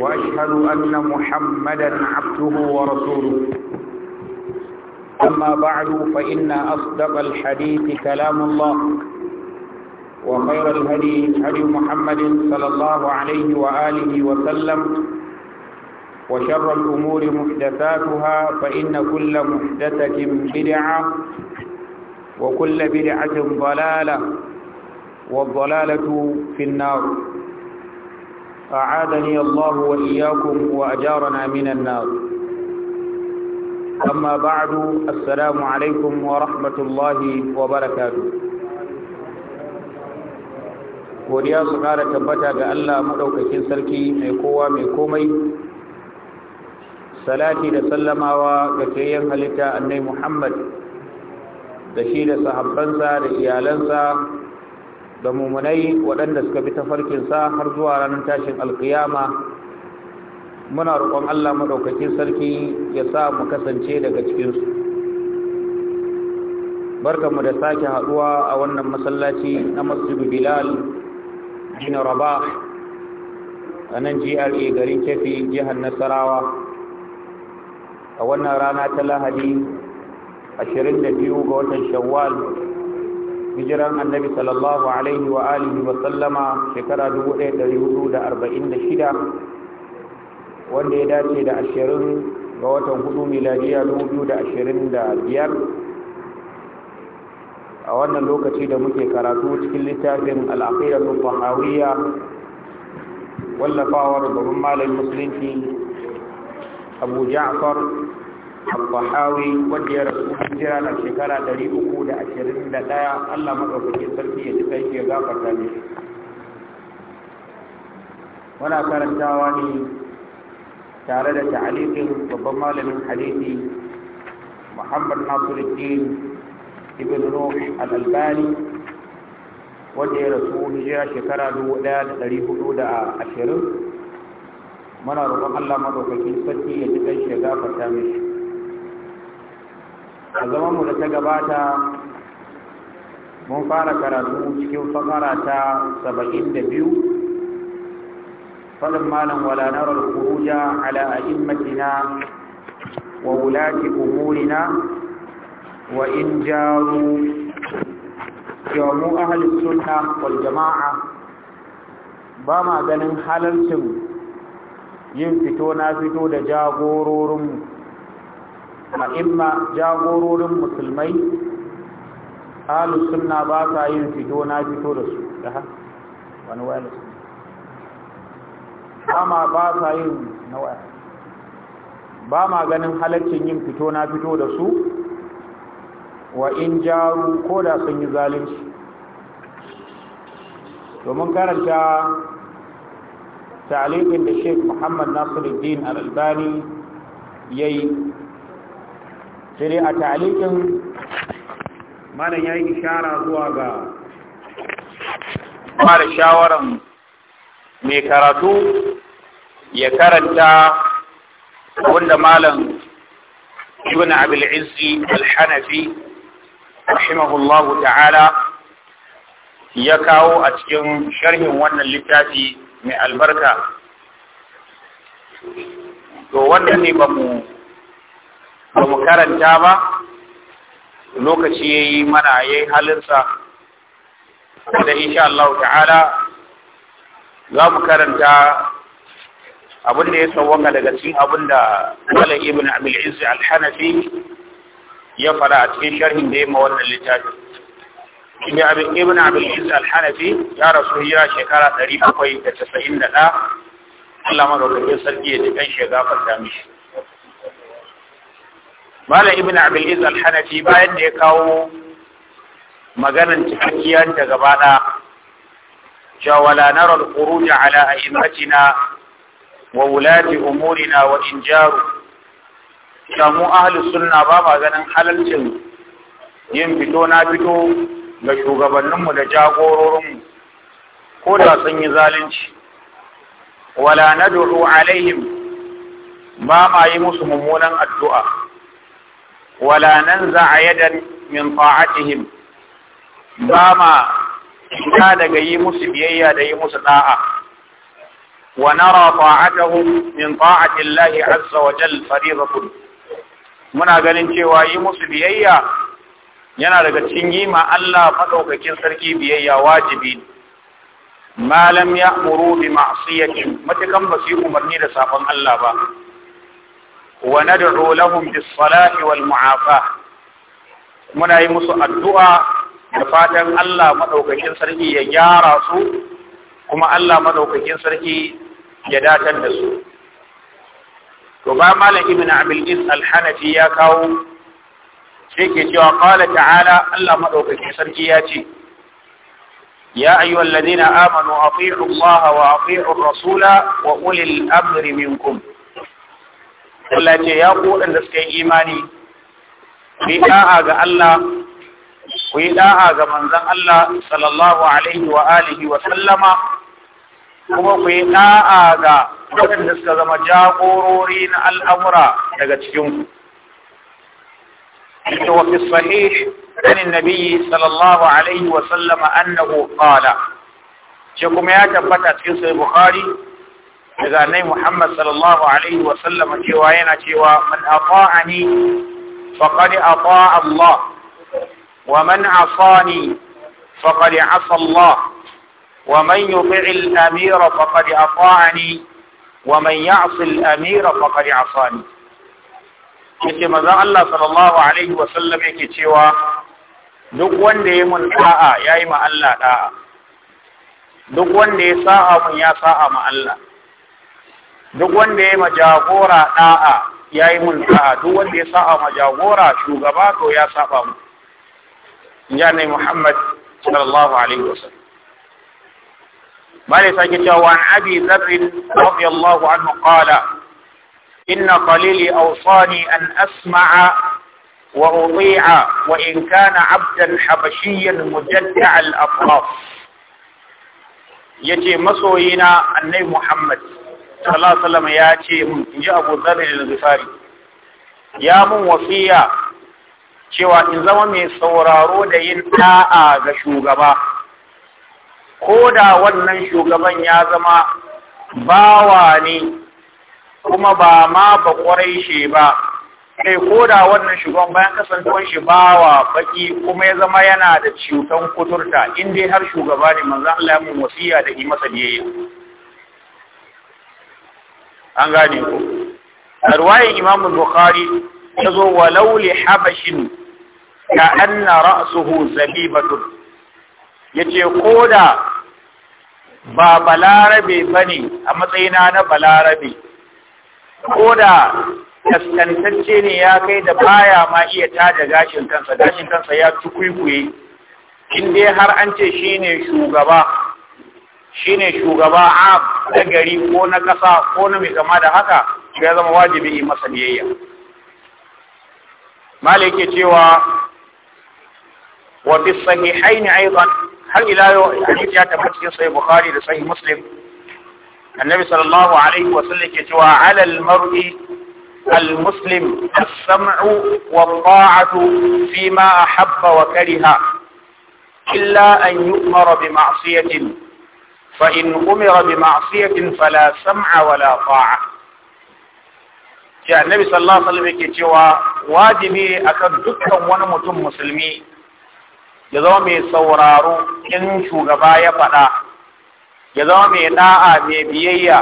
وأشهد أن محمدا عبده ورسوله أما بعد فإن أصدق الحديث كلام الله وخير الهدي هدي محمد صلى الله عليه وآله وسلم وشر الأمور محدثاتها فإن كل محدثة بدعة وكل بدعة ضلالة والضلالة في النار أعاذني الله وإياكم وأجارنا من النار أما بعد السلام عليكم ورحمة الله وبركاته godiya su ƙara tabbata ga Allah maɗaukakin sarki mai kowa mai komai salati da sallamawa ga kayan halitta annai Muhammad da shi da sahabbansa da iyalansa da mummunai waɗanda suka bi tafarkinsa har zuwa ranar tashin alkiyama muna roƙon Allah maɗaukakin sarki ya sa mu kasance daga cikinsu barkanmu da sake haɗuwa a wannan masallaci na masjidu bilal jina rabah a nan gra garin kefi jihar nasarawa a wannan rana ta lahadi 22 ga watan shawwal hijiran annabi sallallahu alaihi wa alihi wa sallama shekara 1446 wanda ya dace da ashirin ga watan hudu miladiya 2025 a wannan lokaci da muke karatu cikin littafin al'aqidatu tahawiyya wallafawar babban malamin musulunci abu ja'far al-bahawi wanda ya rasu hijira na shekara 321 Allah madaukakin sarki ya ji kai ya gafarta ne muna karantawa ne tare da ta'alifin babban malamin hadisi Muhammad Nasiruddin ibn Nuh al-Albani wanda ya rasu hijira shekara 1420 muna roƙon Allah madaukakin sarki ya ji kai ya gafarta mishi a zaman mu da ta gabata mun fara karatu cikin fakara ta saba'in da biyu faɗin malam wala kuruja ala a'immatina wa wulati umurina wa in jaru mu ahalin sunna wal jama'a ba ma ganin halarcin yin fito na fito da jagororinmu ma'imma jagororin musulmai alusunna sunna ba sa yin fito na fito da su da wani su ba sa yin na ba ma ganin halaccin yin fito na fito da su wa in jaru ko da sun yi zalunci domin karanta ta'aliqin da Sheikh Muhammad Nasiruddin Al-Albani yayi sai a talikin malam ya yi ishara zuwa ga mara shawaran mai karatu ya karanta wanda malam ibn abul izzi al-hanafi rahimahullahu ta'ala ya kawo a cikin sharhin wannan littafi mai albarka to wannan ne ba mu ba mu karanta ba lokaci ya yi mana ya yi halinsa da insha Allah ta'ala za mu karanta abin da ya sauwaka daga cikin abin da Wala ibn Abil Izzi al-Hanafi ya fara a cikin sharhin da ya ma wannan littafi. Ibn Abil Ibn Abil Izzi al-Hanafi ya rasu hira shekara 791 Allah madaukakin sarki ya ji kan shiga fata mishi. malam ibn abil iz al-hanafi bayan da ya kawo maganan cikakkiyar da gaba na cewa la nara al-khuruj ala a'immatina wa wulati umurina wa injaru cewa mu ahli sunna ba ma ganin halalcin yin fito na fito ga shugabannin mu da jagororinmu ko da sun yi zalunci wala nad'u alaihim ba ma yi musu mummunan addu'a wala nan za a yadan min ta'atihim ba ma ta daga yi musu biyayya da yi musu da'a wa nara ta'atahum min ta'ati Allah azza wa jal fariidatun muna ganin cewa yi musu biyayya yana daga cikin yi ma Allah madaukakin sarki biyayya wajibi ma lam ya'muru bi ma'siyati matakan basu umarni da sabon Allah ba وندعو لهم بالصلاة والمعافاة muna yi musu addu'a da fatan Allah maɗaukakin sarki ya gyara su kuma Allah maɗaukakin sarki ya datar da su. To ba Malam Ibn Abil'is Alhanafi ya kawo, sai ke cewa ƙwala ta'ala Allah maɗaukakin sarki ya ce, Ya ayyuwan ladina amanu a fi'un wa a fi'un rasula wa ulil amri minkum. Allah ce ya ku waɗanda suka yi imani ku yi da'a ga Allah ku yi da'a ga manzon Allah sallallahu alaihi wa alihi wa sallama kuma ku yi da'a ga waɗanda suka zama jagorori na al'amura daga cikin ku wa fi sahih sallallahu Alaihi wa sallama, annahu وسلم أنه kuma ya tabbata cikin في Bukhari, daga annabi Muhammad sallallahu alaihi wa sallam cewa yana cewa man ata'ani faqad ata'a Allah wa man asani faqad asa Allah wa man yuti'i al-amira faqad ni, wa man yi asil amira faqad ni. yace maza Allah sallallahu alaihi wa sallam yake cewa duk wanda ya mun da'a ya yi Allah da'a duk wanda ya sa'a mun ya sa'a ma duk wanda ya majagora da'a ya yi mun da'a duk wanda ya sa'a majagora shugaba to ya saba mu ya ne Muhammad sallallahu alaihi wasallam bale sake cewa an abi zarr radiyallahu anhu qala inna qalili awsani an asma'a wa uti'a wa in kana 'abdan habashiyyan mujadda al-afraf yace masoyina annabi Muhammad sallallahu alaihi ya ce mun in ji Abu Dharr al-Ghifari ya mun wasiya cewa in zama mai sauraro da yin ta'a ga shugaba ko da wannan shugaban ya zama bawa ne kuma ba ma ba kwarai shi ba kai ko da wannan shugaban bayan kasancewar shi bawa baki kuma ya zama yana da cutan kuturta, in dai har shugaba ne manzan Allah ya mun wasiya da yi masa biyayya an gane ko ruwayin imam bukhari yazo walau li habashin ka anna ra'suhu zabibatun yace koda ba balarabe bane a matsayina na balarabe Ko da kaskantacce ne ya kai da baya ma iya tada gashin kansa gashin kansa ya tukuikuye in dai har an ce shine shugaba shine shugaba a na gari ko na ƙasa ko na mai kama da haka ya zama wajibi yi masa biyayya malik ke cewa wa fi sahihain aidan har ila yau hadisi ya tabbata cikin sahih bukhari da sahih muslim annabi sallallahu alaihi wa sallam ke cewa ala al mar'i al muslim as sam'u wa ta'atu fi ma ahabba wa kariha illa an yu'mara bi ma'siyatin فإن أمر بمعصية فلا سمع ولا طاعة ya annabi sallallahu alaihi wasallam yake cewa wajibi akan dukkan wani mutum musulmi ya zama mai sauraro in shugaba ya faɗa ya zama mai da'a mai biyayya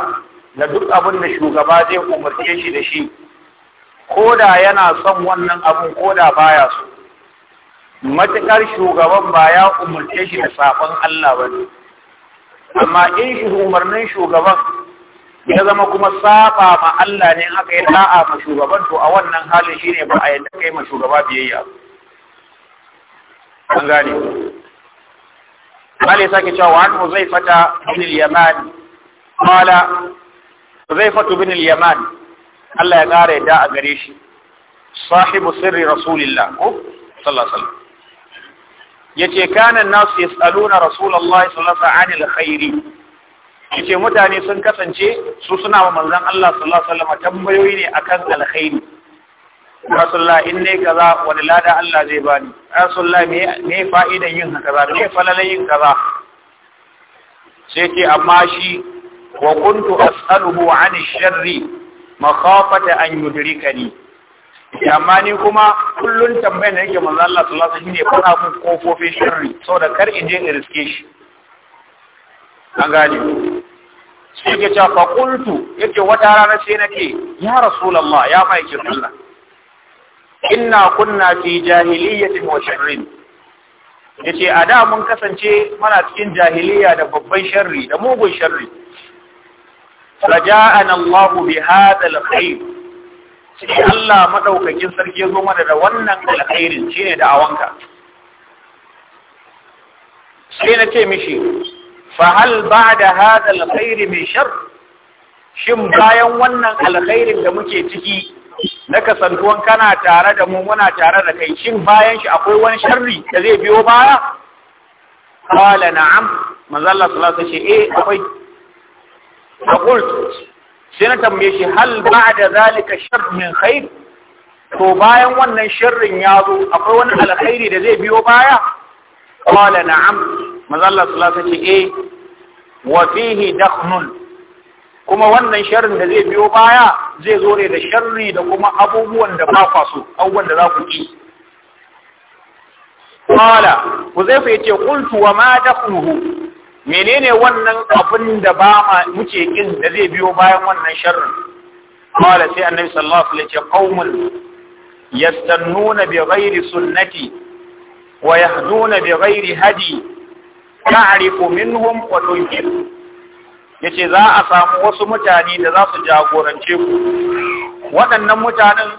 da duk abin da shugaba zai umarce shi da shi Koda yana son wannan abin koda da baya so matuƙar shugaban ba ya umarce shi da sabon Allah ba ne amma in shi umarnin shugaban ya zama kuma saba ma Allah ne aka yi da'a ma shugaban to a wannan halin ne ba a yadda kai ma shugaba biyayya an gane Allah ya sake cewa an fata bin al-Yaman qala fata bin al-Yaman Allah ya kare da a gare shi sahibu sirri rasulillah sallallahu alaihi wasallam yace kana nasu yasaluna rasulullahi sallallahu alaihi wasallam khairi yace mutane sun kasance su suna wa manzon Allah sallallahu alaihi wasallam tambayoyi ne akan alkhairi rasulullah in ne kaza wani lada Allah zai bani rasulullah me me fa'idan yin kaza me falalan yin kaza sai ce amma shi wa kuntu as'aluhu 'ani sharri makhafata an yudrikani amma ni kuma kullun tambayar da yake manzo Allah sallallahu alaihi wasallam shine kuna kun kofofin sharri saboda kar in je in riske shi an gani shi ke cewa fa qultu yake wata rana sai nake ya rasulullah ya mai Allah inna kunna fi jahiliyyatin wa sharrin yace a da mun kasance muna cikin jahiliya da babban sharri da mugun sharri faja'ana Allah bi hadha khair sai Allah madaukakin sarki ya zo mana da wannan alkhairin shine da'awanka sai na ce mishi fa hal ba'da hada alkhairi min shar shin bayan wannan alkhairin da muke ciki na kasantuwan kana tare da mu muna tare da kai shin bayan shi akwai wani sharri da zai biyo baya qala na'am manzo Allah sallallahu alaihi wasallam ce eh akwai sai na tambaye shi hal ba da zalika shar min khair to bayan wannan sharrin ya zo akwai wani alkhairi da zai biyo baya qala na'am mazalla Allah sallallahu alaihi ce eh wa fihi dakhnun kuma wannan sharrin da zai biyo baya zai zo ne da sharri da kuma abubuwan da ba kwa so abubuwan da za ku ci qala ku zai fa yace wa ma dakhnuhu menene wannan abin da ba ma muke kin da zai biyo bayan wannan sharrin qala sai annabi sallallahu alaihi wasallam ya ce, qaumun yastannuna bi ghairi sunnati wa yahduna bi ghairi hadi ta'rifu minhum wa tunkir yace za a samu wasu mutane da za su jagorance ku waɗannan mutanen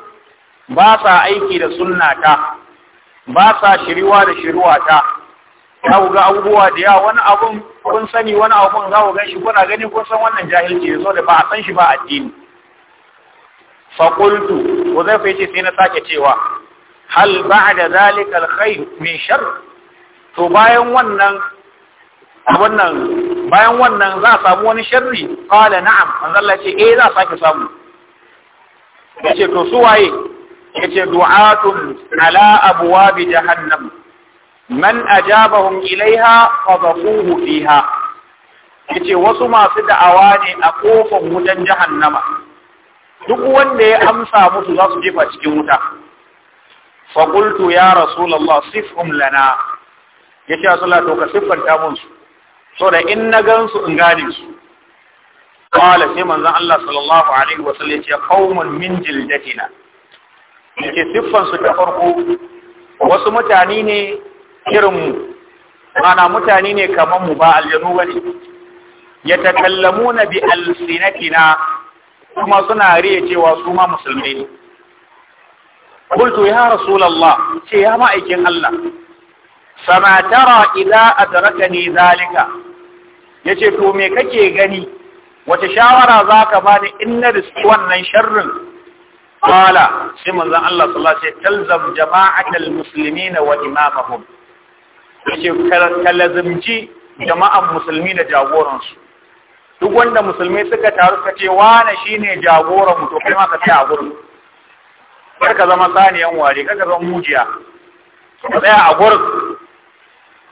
ba sa aiki da sunnata ba sa shiriwa da shiriwata za ku ga abubuwa da yawa wani abun kun sani wani abun za ku ganshi, shi kuna gani kun san wannan jahilci ya so da ba a san shi ba addini faƙultu ko zai fice sai na sake cewa hal ba'da zalika alkhair min shar to bayan wannan wannan bayan wannan za a samu wani sharri qala na'am manzo Allah ce eh za a sake samu yace to su waye yace du'atun ala abwab jahannam man ajabahum ilaiha fadaquhu fiha yace wasu masu da'awa ne a kofar wutan jahannama duk wanda ya amsa musu za su jefa cikin wuta fa qultu ya rasulullah sifhum lana yace rasulullah to ka siffanta mun su da in na gan su in gane su qala sai manzon Allah sallallahu alaihi wa sallam yace qaumun min jildatina yace siffan su ta farko wasu mutane ne mu mana mutane ne kamar mu ba aljanu bane yatakallamuna bi alsinatina kuma suna riya cewa su ma musulmai ne qultu ya rasulullah ce ya ma'aikin Allah sama tara idza adrakani zalika yace to me kake gani wace shawara zaka bani in na wannan sharrin qala sai manzon Allah sallallahu alaihi wasallam talzam jama'atal muslimina wa imamahum yake kalazimci jama'an musulmi da jagoransu duk wanda musulmi suka taru suka ce wane ne jagoran mu to kai ma ka tsaya a gurin kar ka zama saniyan ware kar ka zama mujiya ka tsaya a gurin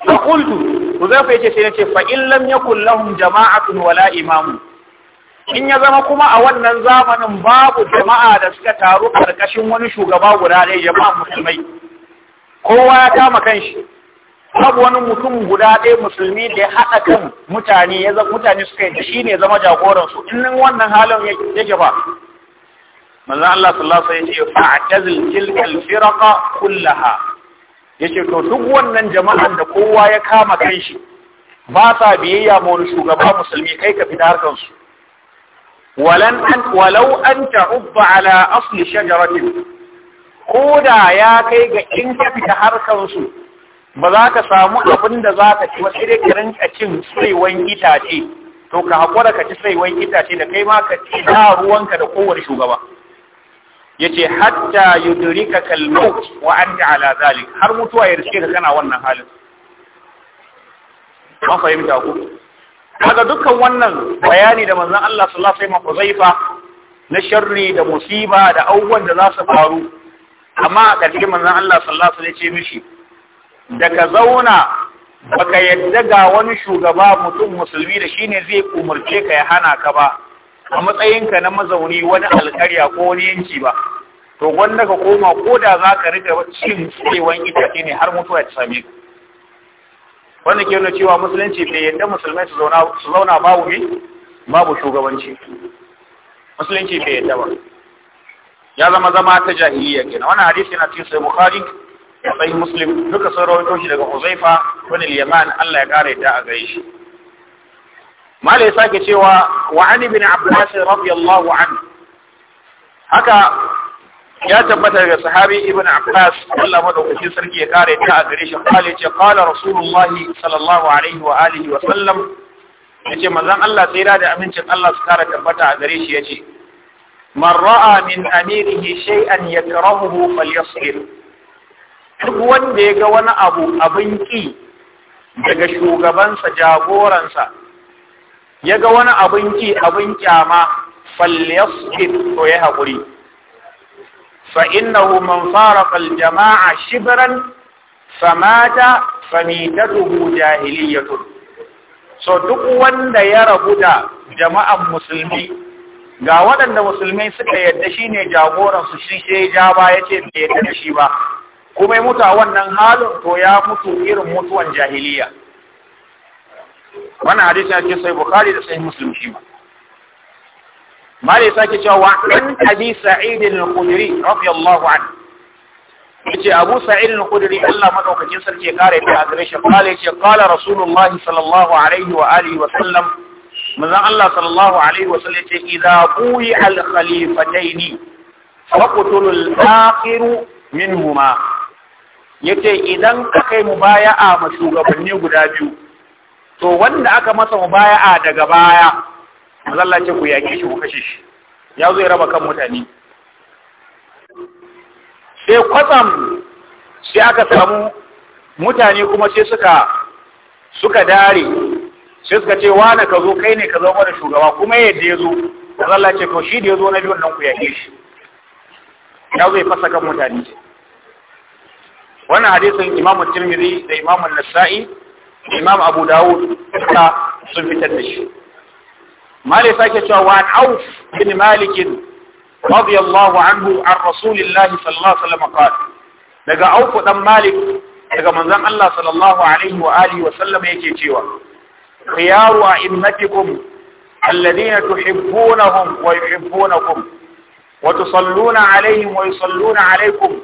fa qultu to zai fa yace sai nace fa in lam yakul lahum jama'atun wala imamu in ya zama kuma a wannan zamanin babu jama'a da suka taru karkashin wani shugaba guda ɗaya jama'an musulmai kowa ya kama kanshi babu wani mutum guda ɗaya musulmi da ya haɗa kan mutane ya mutane suka yi shi ne zama jagoransu in wannan halin yake ba manzan Allah sallallahu alaihi wasallam ya ce fa'tazil tilkal firaqa kullaha yace to duk wannan jama'an da kowa ya kama kanshi ba sa biyayya ma wani shugaba musulmi kai ka fita harkar su walan an walau an ta'ubba ala asli shajaratin koda ya kai ga in ka fita harkar su ba za ka samu abin da za ka ci wasu irin ka cin tsaiwan itace to ka haƙura ka ci tsaiwan itace da kai ma ka ci da ruwanka da kowane shugaba ya ce hatta yudurika kalmaut wa an ala zalik har mutuwa ya riske ka kana wannan halin an fahimta ku daga dukkan wannan bayani da manzon Allah sallallahu alaihi wasallam na sharri da musiba da abubuwan da za su faru amma a ƙarshe manzon Allah sallallahu alaihi ya ce mishi da ka zauna baka yadda ga wani shugaba mutum musulmi da shine zai umarce ka ya hana ka ba a matsayinka na mazauni wani alkarya ko wani yanki ba to wanda ka koma ko da za ka rika cin tsewan itace ne har mutuwa ta same ka wanda ke nuna cewa musulunci bai yadda musulmai su zauna babu ne babu shugabanci musulunci bai yadda ba ya zama zama ta jahiliya kenan wannan hadisi na cikin sai bukhari da sai muslim duka sun rawaito shi daga huzaifa wani liyaman Allah ya kare ta a gai shi mala ya sake cewa wa an ibn abbas radiyallahu anhu haka ya tabbata daga sahabi ibn abbas Allah madaukakin sarki ya kare ta a gare shi kale ce qala rasulullahi sallallahu alaihi wa alihi wa sallam yace manzon Allah sai da amincin Allah su kare tabbata a gare shi yace man ra'a min amirihi shay'an yakrahuhu falyasbir duk wanda ya ga wani abu abin ƙi daga shugabansa jagoransa ya ga wani abin ƙi abin kyama, falyaskit to ya haƙuri fa innahu man faraqa jamaa shibran famata famitatuhu jahiliyatun so duk wanda ya rabu da jama'an musulmi ga waɗanda musulmai suka yadda shine jagoransu shi sai ja ba yace bai yadda da shi ba kuma ya mutu a wannan halin to ya mutu irin mutuwan jahiliya wannan hadisi ya ce sai bukhari da sai muslim shi ma mali sake cewa wa an abi sa'id al-khudri radiyallahu anhu yace abu sa'id al-khudri Allah madaukakin sarki kare ta gare shi kale yace qala rasulullah sallallahu alaihi wa alihi wa sallam manzon Allah sallallahu alaihi wa sallam yace idza bu'i al-khalifataini faqtulul akhiru minhuma ya ce idan ka kai mubaya'a ma shugabanni guda biyu to wanda aka masa mubaya'a daga baya mazalla ce ku yaƙe shi ku kashe shi ya zo ya raba kan mutane sai kwatsam sai aka samu mutane kuma sai suka suka dare sai suka ce wane ka zo kai ne ka zo da shugaba kuma yadda ya zo mazalla ce to shi da ya zo na biyun nan ku yaƙe shi ya zo ya fasa kan mutane wannan hadisin imamu tirmidhi da imamu nasa'i imam abu dawud duka sun fitar da shi malik sake cewa wa auf bin malik radiyallahu anhu an rasulillahi sallallahu alaihi wasallam qala daga auf dan malik daga manzon Allah sallallahu alaihi wa alihi wa sallam yake cewa khiyaru a'immatikum alladhina tuhibbunahum wa yuhibbunakum wa tusalluna alaihim wa yusalluna alaikum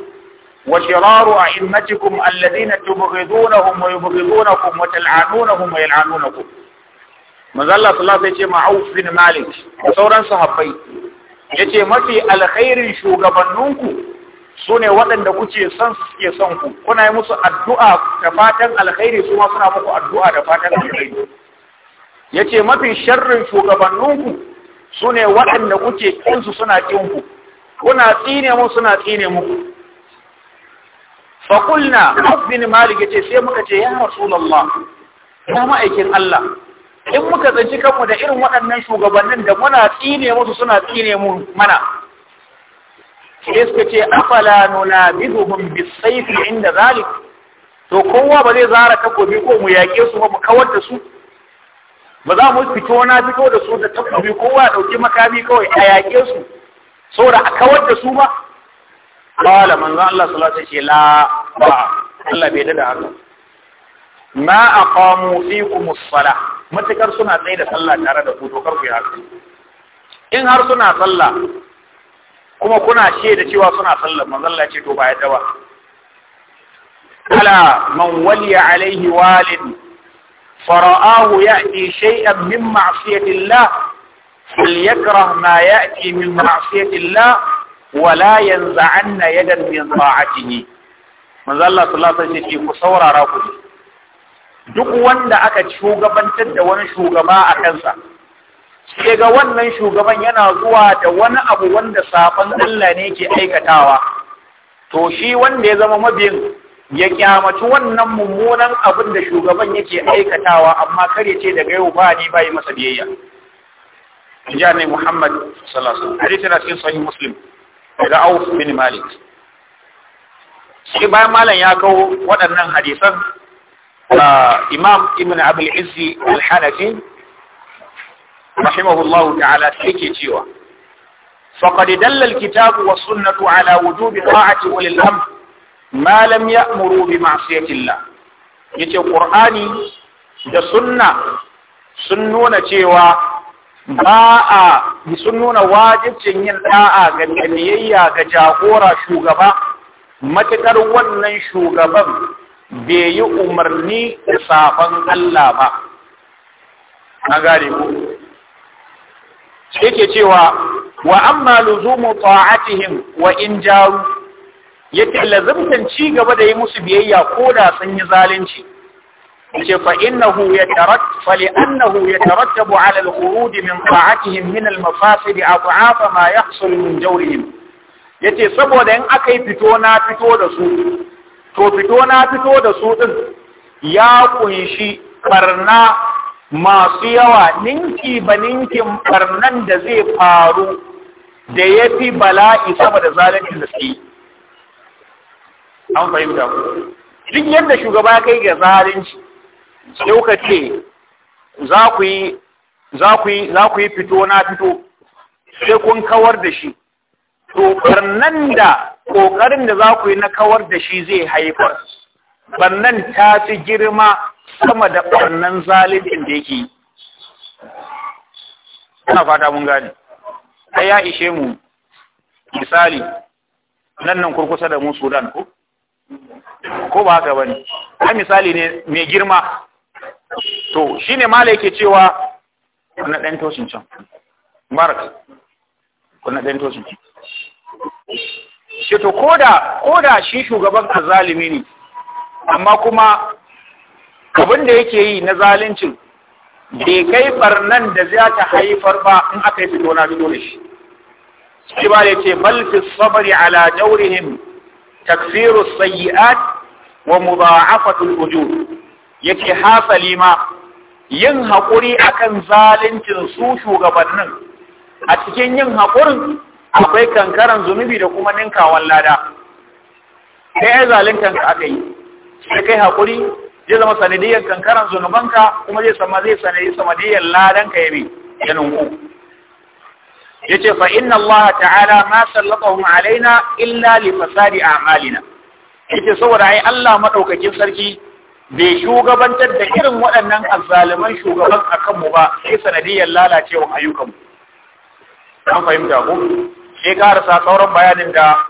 وشرار أئمتكم الذين تبغضونهم ويبغضونكم وتلعنونهم ويلعنونكم manzalla sallallahu ya ce ma'auf bin malik da sauran sahabbai ya ce mafi alkhairin shugabanninku su ne waɗanda kuke son su suke son ku kuna yi musu addu'a da fatan alkhairi su ma suna muku addu'a da fatan alkhairi ya ce mafi sharrin shugabanninku su ne waɗanda kuke su suna kin ku. kuna tsine mu suna tsine muku faƙulna abin malik ya ce sai muka ce ya rasulallah ya ma'aikin Allah in muka tsanci kanmu da irin waɗannan shugabannin da muna tsine musu suna tsine mu mana sai suka ce afala nuna bizuhum fi inda zalik to kowa ba zai zara takobi ko mu yaƙe su ba mu kawar da su ba za mu fito na fito da su da takobi kowa ya ɗauki makami kawai a yaƙe su saboda a kawar da su ba qala manzo Allah sallallahu alaihi wasallam la ba Allah bai da haka ma aqamu fikum as-salah matakar suna tsaye da sallah tare da ku to kar ku yi haka in har suna sallah kuma kuna shaida cewa suna sallah manzo Allah ce to ba ya dawa ala man waliya alaihi walin فرآه يأتي شيئا من معصية الله فليكره ما يأتي من معصية الله wala yanzu, yadan ya ta'atihi a Allah sallallahu alaihi wasallam ce ku saurara ku duk wanda aka shugabantar da wani shugaba a kansa ke ga wannan shugaban yana zuwa da wani abu wanda sabon Allah ne ke aikatawa to shi wanda ya zama mabiyin ya kyamaci wannan mummunan abin da shugaban yake aikatawa amma kar ya ce daga yau ba ni bai masa biyayya. Inji Muhammad sallallahu alaihi wasallam hadisi na cikin sahih Muslim daga Auf bin Malik shi bayan malam ya kawo waɗannan hadisan Imam Ibn Abdul Izzi Al-Hanafi rahimahullahu ta'ala yake cewa فقد sunnatu ala والسنة على وجوب طاعة أولي الأمر ما لم يأمروا بمعصية الله yace Qur'ani da sunna sun nuna cewa ba a sun nuna wajibcin yin da'a ga biyayya ga jagora shugaba matuƙar wannan shugaban bai yi umarni da safan Allah ba na gane ku yake cewa wa amma luzumu ta'atihim wa in jaru yake lazimtan ci gaba da yi musu biyayya ko da sun yi zalunci ce fa innahu yatarat fa li'annahu yatarattabu 'ala al min ta'atihim min al-mafasid adhafa ma yahsul min jawrihim yace saboda in aka fito na fito da su to fito na fito da su din ya kunshi barna masu yawa ninki ba ninkin barnan da zai faru da ya fi bala'i sama da zalincin da suke an fahimta ku duk yadda shugaba kai ga zalunci sai kuka ce za ku yi fito na fito sai kun kawar da shi to barnan da kokarin da za ku yi na kawar da shi zai haifar barnan ta fi girma sama da barnan zalibin da yake ina fata mun gane sai ya ishe mu misali nan nan kurkusa da mu Sudan ko ba haka bane a misali ne mai girma to ne mala yake cewa kuna ɗan toshin can ka, kuna ɗan toshin can shi to koda koda shi shugaban zalimi ne amma kuma abin da yake yi na zalincin bai kai barnan da za ta haifar ba in aka yi fito na dole da shi shi ba da ce balfi sabari ala jawrihim takfiru sayi'at wa mudha'afatu al-ujur yake hasali ma yin haƙuri akan zalincin su shugabannin a cikin yin haƙurin akwai kankaran zunubi da kuma ninkawan lada sai yi zalintan ka aka yi sai kai haƙuri zai zama sanadiyar kankaran zunubanka kuma zai sama zai sanadi sanadiyar ladan ka yabi ya nunku yace fa inna Allah ta'ala ma sallatahum alaina illa li fasadi a'malina ce saboda ai Allah maɗaukakin sarki bai shugabantar da irin waɗannan azzaliman shugaban a kanmu ba sai sanadiyar lalacewar ayyukanmu an fahimta ku sai karasa sauran bayanin da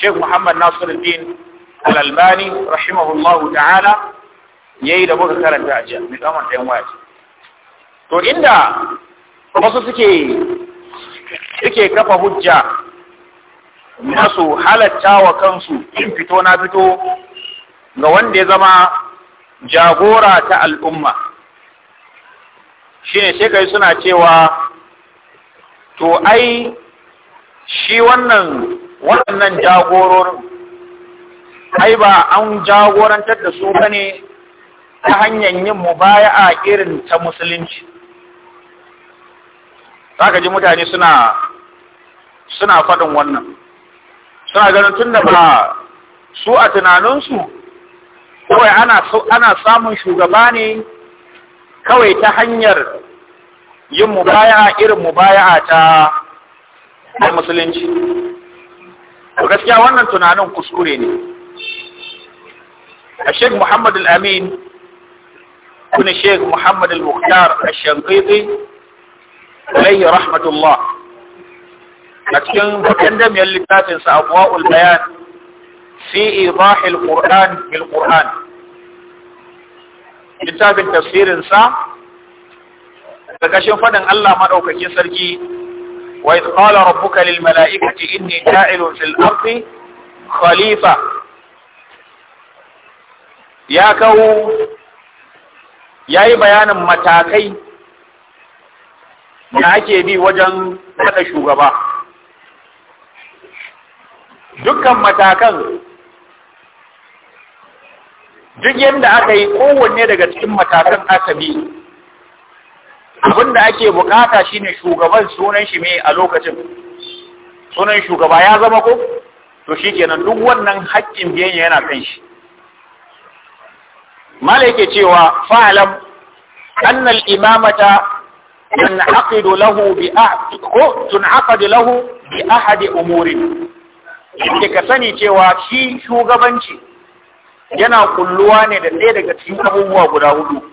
Sheikh Muhammad Nasiruddin Al-Albani rahimahullahu ta'ala yayi da muka karanta a jiya mai tsamanta yan waya to inda wasu suke suke kafa hujja nasu halatta wa kansu in fito na fito ga wanda ya zama jagora ta al'umma shi ne shekai suna cewa to ai shi wannan waɗannan jagororin ai ba an jagorantar da su ne ta hanyar yin mubaya'a irin ta musulunci zaka ji mutane suna suna faɗin wannan suna ganin tun da ba su a tunaninsu kawai ana samun shugaba ne kawai ta hanyar yin mubaya'a irin mubaya'a ta da musulunci gaskiya wannan tunanin kuskure ne a sheik Muhammadu al kuna sheik Muhammadu al-mukhtar al-shankiti alayhi rahmatullah a cikin bakan littafinsa abuwa bayani. fi idahil qur'an bil littafin tafsirin sa karkashin faɗin Allah madaukakin sarki wa idh qala rabbuka lil mala'ikati inni ja'ilun fil khalifa ya kawo yayi bayanin matakai da ake bi wajen kada shugaba dukkan matakan duk yadda aka yi kowanne daga cikin matakan aka bi abin da ake bukata shine shugaban sunan shi mai a lokacin sunan shugaba ya zama ko to shikenan duk wannan haƙƙin biyayya yana kan shi mala yake cewa fa'alam annal al-imamata tun'aqidu lahu bi ko tun'aqidu lahu bi ahadi umuri yake ka sani cewa shi shugabanci yana kulluwa ne da ɗaya daga cikin abubuwa guda hudu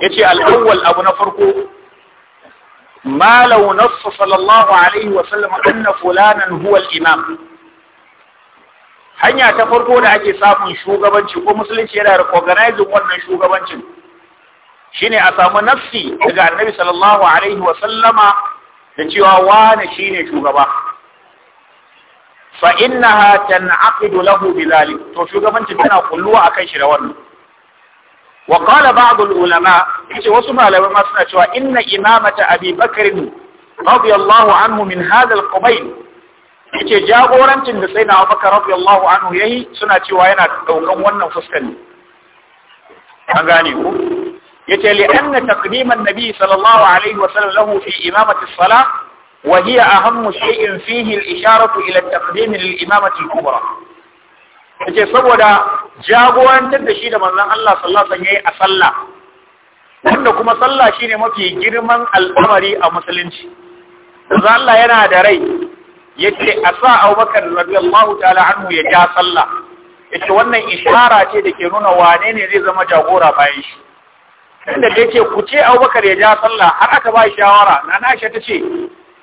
Ya ce al'awwal abu na farko Malam nassu sallallahu alaihi wa anna fulanan huwa al-imam hanya ta farko da ake samun shugabanci ko musulunci yana recognizing wannan shugabancin shine a samu nafsi daga annabi sallallahu alaihi wa da cewa wane shine shugaba fa innaha tan'aqidu lahu bilali to shugabanci tana kulluwa akan shi da wannan wa qala ba'd ulama yace wasu malamai ma suna cewa inna imamata abi bakr radiyallahu anhu min hadha al-qabil yace jagorancin da sai na Abubakar radiyallahu anhu yayi suna cewa yana daukan wannan fuskan ne an gane ku yace li anna taqdiman nabi sallallahu alaihi wa sallam lahu fi imamati as-salah وهي أهم شيء فيه الإشارة إلى التقديم للإمامة الكبرى kace saboda jagorantar da shi da manzon Allah sallallahu alaihi wasallam a sallah wanda kuma sallah shine mafi girman al'amari a musulunci manzon yana da rai yace sa Abubakar radiyallahu ta'ala anhu ya ja sallah yace wannan ishara ce da ke nuna wane ne zai zama jagora bayan shi inda yake ku ce Abubakar ya ja sallah har aka ba shawara nana Aisha tace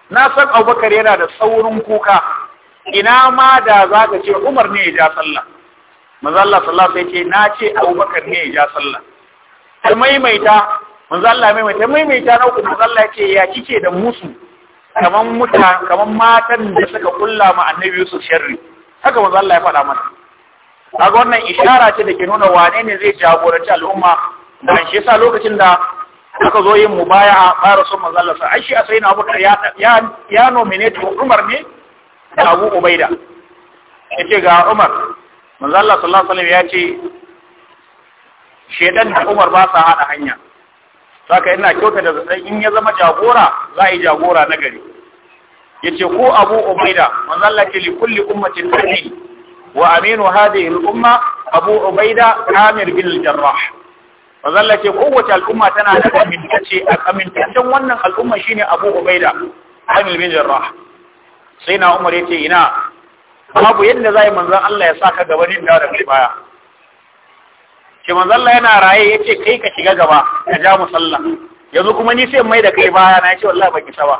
na san abubakar yana da saurin kuka ina ma da za ka ce umar ne ya ja sallah manzo Allah sai ce na ce abubakar ne ya ja sallah ta maimaita manzo maimaita maimaita na uku manzo Allah ya ce ya kike da musu kaman muta kaman matan da suka kulla ma annabi su sharri haka manzo Allah ya faɗa mata kaga wannan ishara ce da ke nuna wane ne zai jagoranci al'umma da shi yasa lokacin da aka zo yin mubaya a rasul sun Allah sai shi a sai na Abubakar ya ya nominate Umar ne da Abu Ubaida Ya ce ga Umar manzo Allah sallallahu alaihi ya ce shedan da Umar ba sa hada hanya saka ina kyauta da zai in ya zama jagora za a yi jagora na gari ce ko Abu Ubaida manzo ke li kulli ummatin wa aminu hadhihi al-umma Abu Ubaida kamir bin al-Jarrah fazalla ce kowace al'umma tana da amintacce a amintaccen wannan al'umma shine Abu Ubaida Amil bin Jarrah sai na Umar yace ina babu yadda zai manzon Allah ya saka gaba din da kai baya ke manzon Allah yana raye yace kai ka shiga gaba ka ja mu sallah yanzu kuma ni sai mai da kai baya na yace wallahi baki saba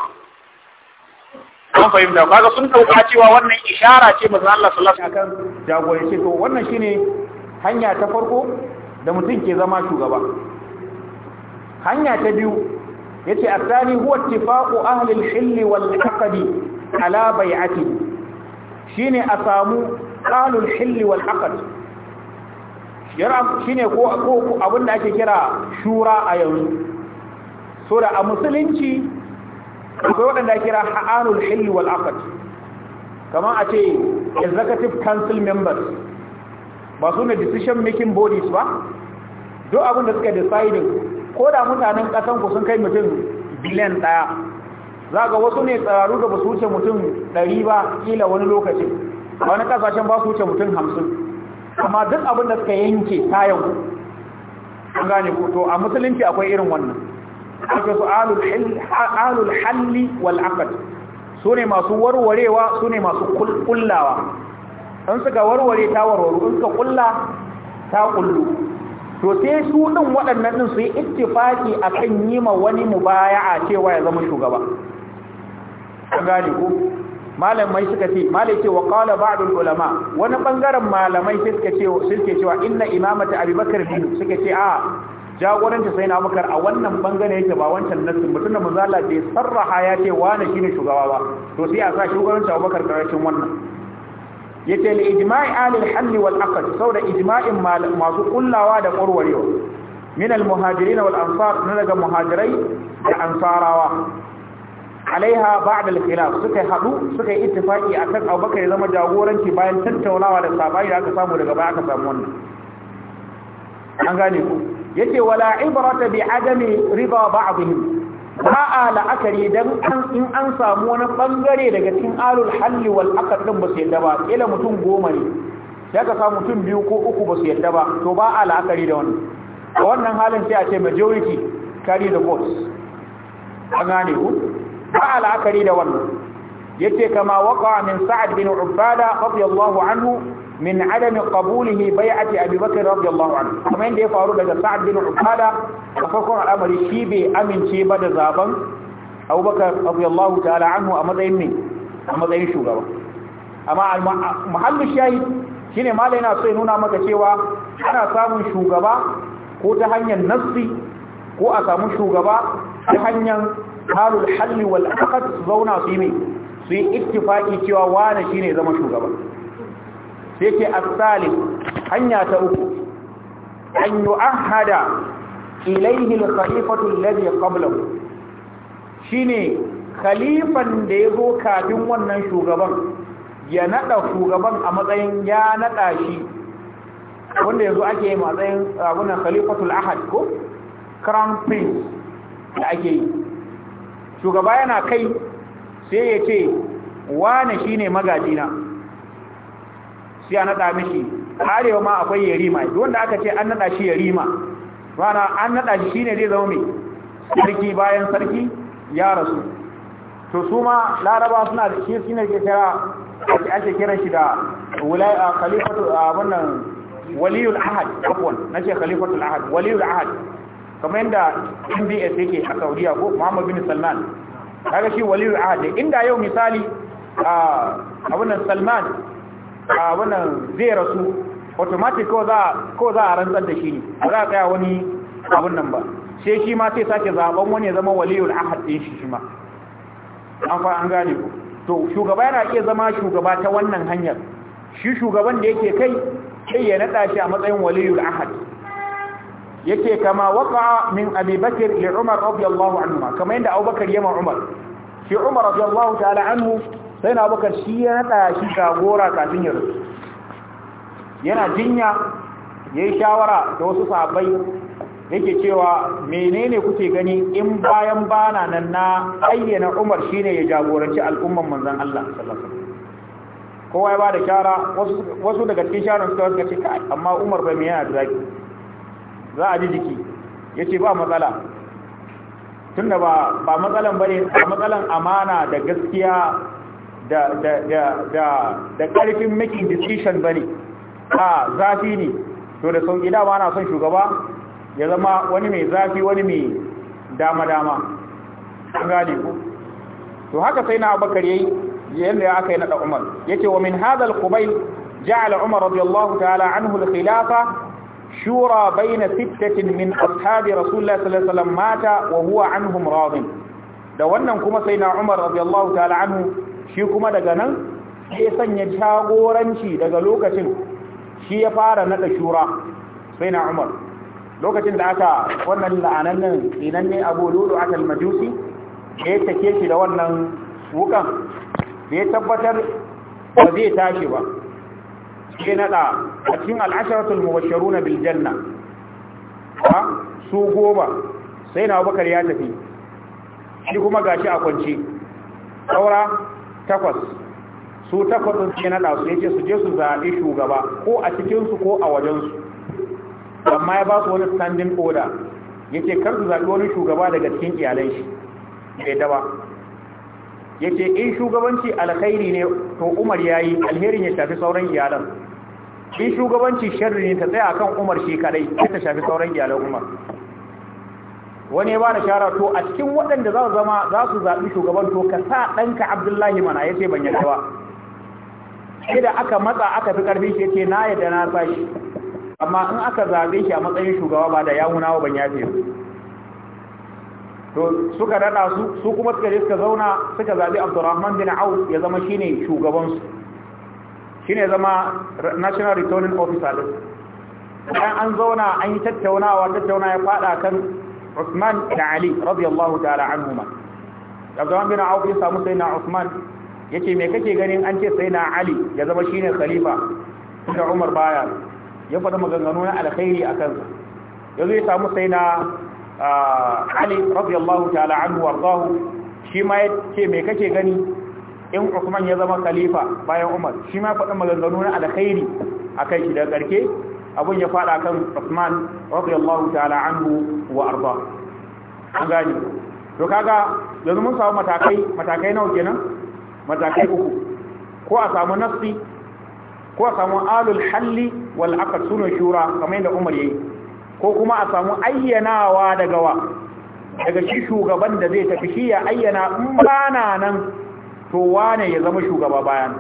an fahimta kaga sun dauka cewa wannan ishara ce manzon Allah sallallahu alaihi wasallam jagorance to wannan shine hanya ta farko da mutum ke zama shugaba hanya ta biyu yace asali huwa ittifaqu ahli al-hill wal aqdi ala Shi shine a samu ahli al-hill wal aqd yara shine ko abinda ake kira shura a yanzu so da a musulunci akwai waɗanda ake kira ha'anul hilli wal kamar a ce executive council members ba su ne decision making bodies ba duk abin da suka ko da mutanen ƙasanku sun kai mutum biliyan ɗaya. za ga wasu ne tsararru da ba su wuce mutum ɗari ba kila wani lokaci, wani kasashen ba su wuce mutum hamsin amma duk abin suka yanke tayan ku an gane ku to a musulunci akwai irin wannan ake su alul halli wal akad su ne masu warwarewa su ne masu kullawa in suka warware ta warwaru in suka kulla ta kullu to sai su ɗin waɗannan ɗin su yi ittifaki a kan yi ma wani mubaya'a cewa ya zama shugaba an gane ku malamai suka ce malai ce wa qala ba'dul ulama wani ɓangaren malamai suka ce suke cewa inna imamata abubakar biyu suka ce a jagoranta sai na abubakar a wannan bangare yake ba wancan nassin mutum da mazala Allah bai sarraha ya ce wani shine shugaba ba to sai a sa shugabancin abubakar karashin wannan yace li ijma'i alil halli wal aqd saboda ijma'in masu kullawa da korwarewa min al muhajirin wal ansar na daga muhajirai da ansarawa alaiha ba'da al khilaf suka hadu suka yi ittifaki akan Abubakar ya zama jagoranci bayan tattaunawa da sabai da aka samu daga baya aka samu wannan an gane ku yace wala ibrata bi adami riba ba'dihim ba a la'akari don in an samu wani bangare daga cin alul halli wal akad din ba su yadda ba kila mutum goma ne sai ka samu mutum biyu ko uku ba su yadda ba to ba a la'akari da wani. a wannan halin sai a ce majority carry the vote a gane ku ba a la'akari da wannan yace kama waqa min sa'ad bin ubada radiyallahu anhu min adami qabulihi bai'ati Abi Bakr radiyallahu anhu Kuma inda ya faru daga Sa'ad bin Uqada da farkon al'amari shi bai amince ba da zaben Abu Bakr radiyallahu ta'ala anhu a matsayin ne a matsayin shugaba amma muhallin shayi shine malai yana so ya nuna maka cewa ana samun shugaba ko ta hanyar nassi ko a samu shugaba ta hanyar halul halli wal aqd zauna su yi su yi ittifaki cewa wani shine zama shugaba sai ce asali hanya ta uku an hada ilaihi al-khalifatu alladhi qablahu shine khalifan da ya zo kafin wannan shugaban ya nada shugaban a matsayin ya nada shi wanda yanzu ake yi matsayin wannan uh, khalifatu ahad ko crown prince da ake yi shugaba yana kai sai ya ce wane shine magajina sai a naɗa mishi arewa ma akwai yarima wanda aka ce an naɗa shi yarima rana an naɗa shi shine zai zama mai sarki bayan sarki ya rasu to su ma laraba suna da shi shine ke kira ake kiran shi da wulai khalifatu wannan waliyul ahad afwan nace khalifatul ahad waliyul ahad kamar yadda MBS yake a Saudiya ko Muhammad bin Salman kaga shi waliyul ahad inda yau misali abun nan Salman a wannan zai rasu automatic ko za a rantsar da shi ne ba za a tsaya wani abun nan ba sai shi ma sai sake zaben wani ya zama waliyul ahad ɗin shi shi ma an fa an gane ku to shugaba yana iya zama shugaba ta wannan hanyar shi shugaban da yake kai sai ya nada shi a matsayin waliyul ahad yake kama waka min abubakar li umar radiyallahu anhu kama yadda abubakar yama umar shi umar radiyallahu ta'ala anhu sai na bakar shi ya naɗa shi jagora kafin ya rasu yana jinya ya yi shawara da wasu sabai yake cewa menene kuke gani in bayan bana nan na ayyana umar shine ya jagoranci al'umman manzan Allah kowa ya bada shara wasu daga cikin sharan suka wasu ce kai amma umar bai mai yana da zaki za a ji jiki ya ce ba matsala tunda ba ba matsalan bane ba matsalan amana da gaskiya da da da da karfin making decision bane a zafi ne to da sauki da ba na son shugaba ya zama wani mai zafi wani mai dama dama an gane ku to haka sai na abakar yayi yadda aka yi naɗa Umar yace wa min hadha al-qubayl ja'ala Umar radiyallahu ta'ala anhu al-khilafa shura bayna sittatin min ashabi rasulullah sallallahu alaihi wasallam mata wa huwa anhum radin da wannan kuma sai na Umar radiyallahu ta'ala anhu shi kuma daga nan sai sanya shagoranci daga lokacin shi ya fara nada shura sai na umar lokacin da aka wannan la'anannin inan ne abu lulu aka majusi da ya take shi da wannan wukan da tabbatar ba zai tashi ba sai nada a cikin al'asharatul mubashsharuna bil janna ha su goma sai na abubakar ya tafi shi kuma gashi a kwance saura takwas su takwas sun ce naɗa su yace su je su zaɓi shugaba ko a cikinsu ko a wajensu amma ya ba su wani standing order ce kar su zaɓi wani shugaba daga cikin iyalan shi bai daba ce in shugabanci alkhairi ne to Umar ya yi, alherin ya shafi sauran iyalan in shugabanci sharri ne ta tsaya akan Umar shi kadai ta shafi sauran iyalan Umar wani ya bada shara to a cikin waɗanda za su zama za su zaɓi shugaban to ka sa ɗanka abdullahi mana ya ce ban yadda ba sai da aka matsa aka fi ƙarfi shi ce na yadda na sa shi amma in aka zaɓe shi a matsayin shugaba ba da yawunawa ban yafe su to suka dada su su kuma suka je suka zauna suka zabi Abdurrahman bin au ya zama shine shugaban su shine zama National Returning Officer din bayan an zauna an yi tattaunawa tattauna ya faɗa kan Usman da Ali radiyallahu ta'ala anhuma Abdurrahman bin Auf ya samu sai na Usman yace me kake ganin an ce sai na Ali ya zama shine khalifa da Umar baya ya faɗa maganganu na alkhairi akan sa yanzu ya samu sai na ah, Ali radiyallahu ta'ala anhu wardahu shi ma yace me kake gani in Usman ya zama khalifa bayan Umar shi ma faɗa maganganu na alkhairi akan shi da karke abun ya fada kan Uthman radiyallahu ta'ala anhu wa arda an gani to kaga yanzu mun samu matakai matakai nawa kenan matakai uku ko a samu nafsi ko a samu alul halli wal aqd sunan shura kamar yadda Umar yayi ko kuma a samu ayyanawa daga wa daga shi shugaban da zai tafi shi ya ayyana in bana nan to wane ya zama shugaba bayan